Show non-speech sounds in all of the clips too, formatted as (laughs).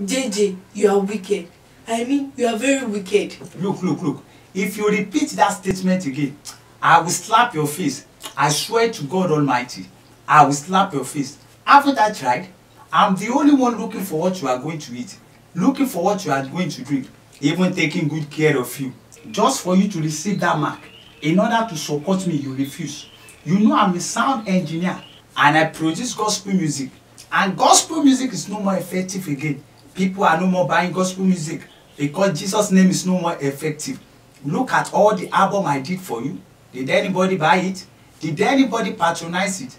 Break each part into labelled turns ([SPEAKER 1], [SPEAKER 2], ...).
[SPEAKER 1] JJ, you are wicked. I mean, you are very wicked. Look, look, look. If you repeat that statement again, I will slap your face. I swear to God Almighty, I will slap your face. Haven't I tried? I'm the only one looking for what you are going to eat, looking for what you are going to drink, even taking good care of you. Just for you to receive that mark, in order to support me, you refuse. You know I'm a sound engineer and I produce gospel music. And gospel music is no more effective again People are no more buying gospel music because Jesus' name is no more effective. Look at all the album I did for you. Did anybody buy it? Did anybody patronize it?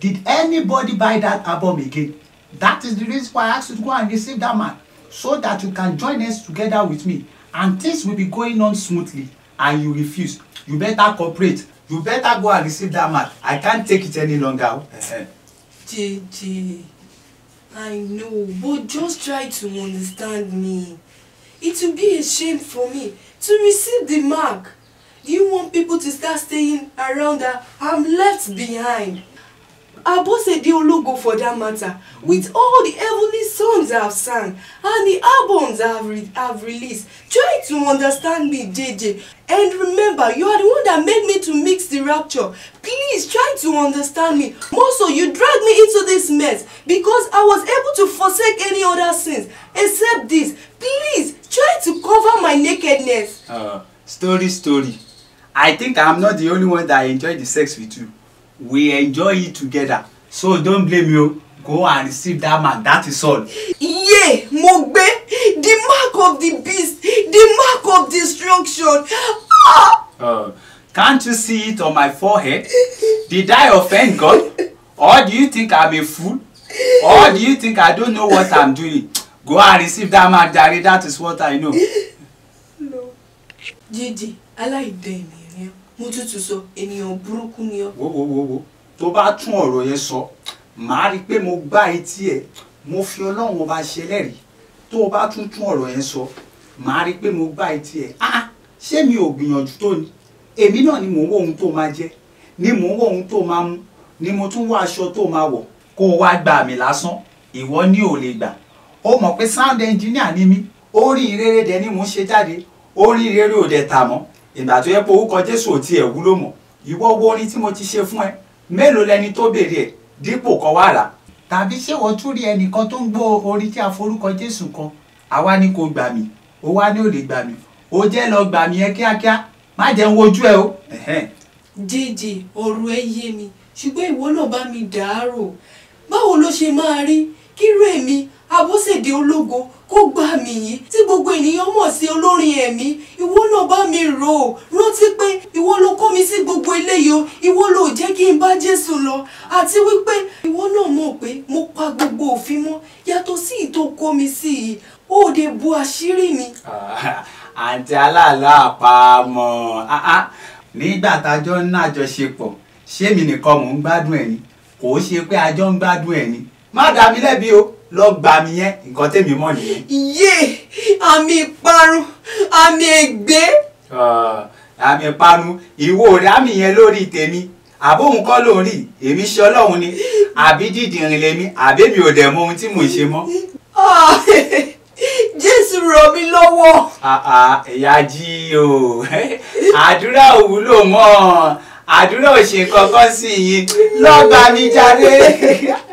[SPEAKER 1] Did anybody buy that album again? That is the reason why I asked you to go and receive that man so that you can join us together with me and things will be going on smoothly and you refuse. You better cooperate. You better go and receive that man. I can't take it any longer.
[SPEAKER 2] GG. I know, but just try to understand me. It will be a shame for me to receive the mark. Do you want people to start staying around her? I'm left behind. Abosede Ologo for that matter, with all the heavenly songs I've sung and the albums I've, re I've released, try to understand me, JJ. And remember, you are the one that made me to make rapture. Please try to understand me. More so, you dragged me into this mess because I was able to forsake any other sins except this. Please try to cover my nakedness.
[SPEAKER 1] Uh, story, story. I think I'm not the only one that enjoyed the sex with you. We enjoy it together. So don't blame you. Go and receive that man. That is all. Yeah,
[SPEAKER 2] Mugbe, The mark of the beast. The mark of destruction.
[SPEAKER 1] Ah! Uh, Can't you see it on my forehead? Did I offend God? Or do you think I'm a fool? Or do you think I don't know what I'm doing? Go and receive that man, Jare. That is what I know.
[SPEAKER 2] No. Jíjí, I like them here. Mutu sọ, so burúkú ni ọ.
[SPEAKER 1] Wo wo wo wo, tó bá tún ọ̀rọ̀ yẹn sọ, màá rí i pé mo gbá etí ẹ̀, mo fi Ọlọ́run ọba ṣẹlẹ́rìí. Tó o bá tún tún ọ̀rọ̀ mo gbá etí ẹ̀. Ah, ṣé mi ò gbìyànjú tó èmi náà ni mò ń wọ ohun tó máa jẹ ni mò ń wọ ohun tó máa mú ni mo tún wọ aṣọ tó máa wọ kó o wá gba àmì lásán ìwọ ní ò lè gbà ó mọ̀ pé sound engineer ni mí orin ìrere dẹ ni mò ń ṣe jáde orin ìrere ò dẹ̀ tà mọ́ ìgbà tó yẹ pé orúkọ jésù ò tiẹ̀ wúlò mọ́ ìwọ wo orin tí mo ti ṣe fún ẹ mélòó lẹni tó béèrè ẹ dípò kọ wá tàbí ṣé wọ́n tún rí ẹnìkan tó ń gbọ́ orin tí a forúkọ jésù kan àwa ni kò gbà mí ó wá ní ò lè gbà mí ó jẹ́ lọ gbà mí ẹ kíákíá má jẹ́ ń wojú ẹ o. dídì ọ̀rọ̀ ẹ yé mi ṣùgbọ́n ìwọ
[SPEAKER 2] náà bá mi dàárò báwo ló ṣe máa rí kíró èmi abóṣèdè ológo kó gbà mí yìí tí gbogbo ènìyàn mọ̀ sí olórin ẹ̀mí ìwọ náà bá mi rò ó rántí pé ìwọ ló kó mi sí gbogbo eléyìí o ìwọ ló jẹ́ kí n bá Jésù lọ àti wípé ìwọ náà mọ̀ pé mo pa gbogbo òfin mọ́ yàtọ̀ sí ìtò kó mi sí yìí ó de bu àṣírí mi. (laughs)
[SPEAKER 1] àǹtí aláàlọ́ àpamọ́ ah, ah. nígbà tájọ́ ń ná àjọṣepọ̀ ṣé èmi nìkan mò ń gbádùn ẹ̀ ni kò ṣe pé àjọ ń gbádùn ẹ̀ ni má dá mi lẹ́bi o lọ gbà mí yẹn nǹkan tèmi mọ̀ nìyẹn.
[SPEAKER 2] iye àmì ìparun àmì ègbé.
[SPEAKER 1] Ah, àmì ìparun ìwo rẹ̀ àmì yẹn lórí tèmi àbó òun kọ́ ló ń rí èmi ṣe ọlọ́run ni àbí dídìrín lèmi àbí mi ò dẹ̀ mọ ohun tí mò ń ṣe mọ́. (laughs) j sì rọ̀ mí lọ́wọ́. Ah, ah, ẹ̀yà jí o (laughs) àdúrà ò wúlò mọ́ àdúrà ò ṣe kankan sí mi
[SPEAKER 2] jáde. (laughs)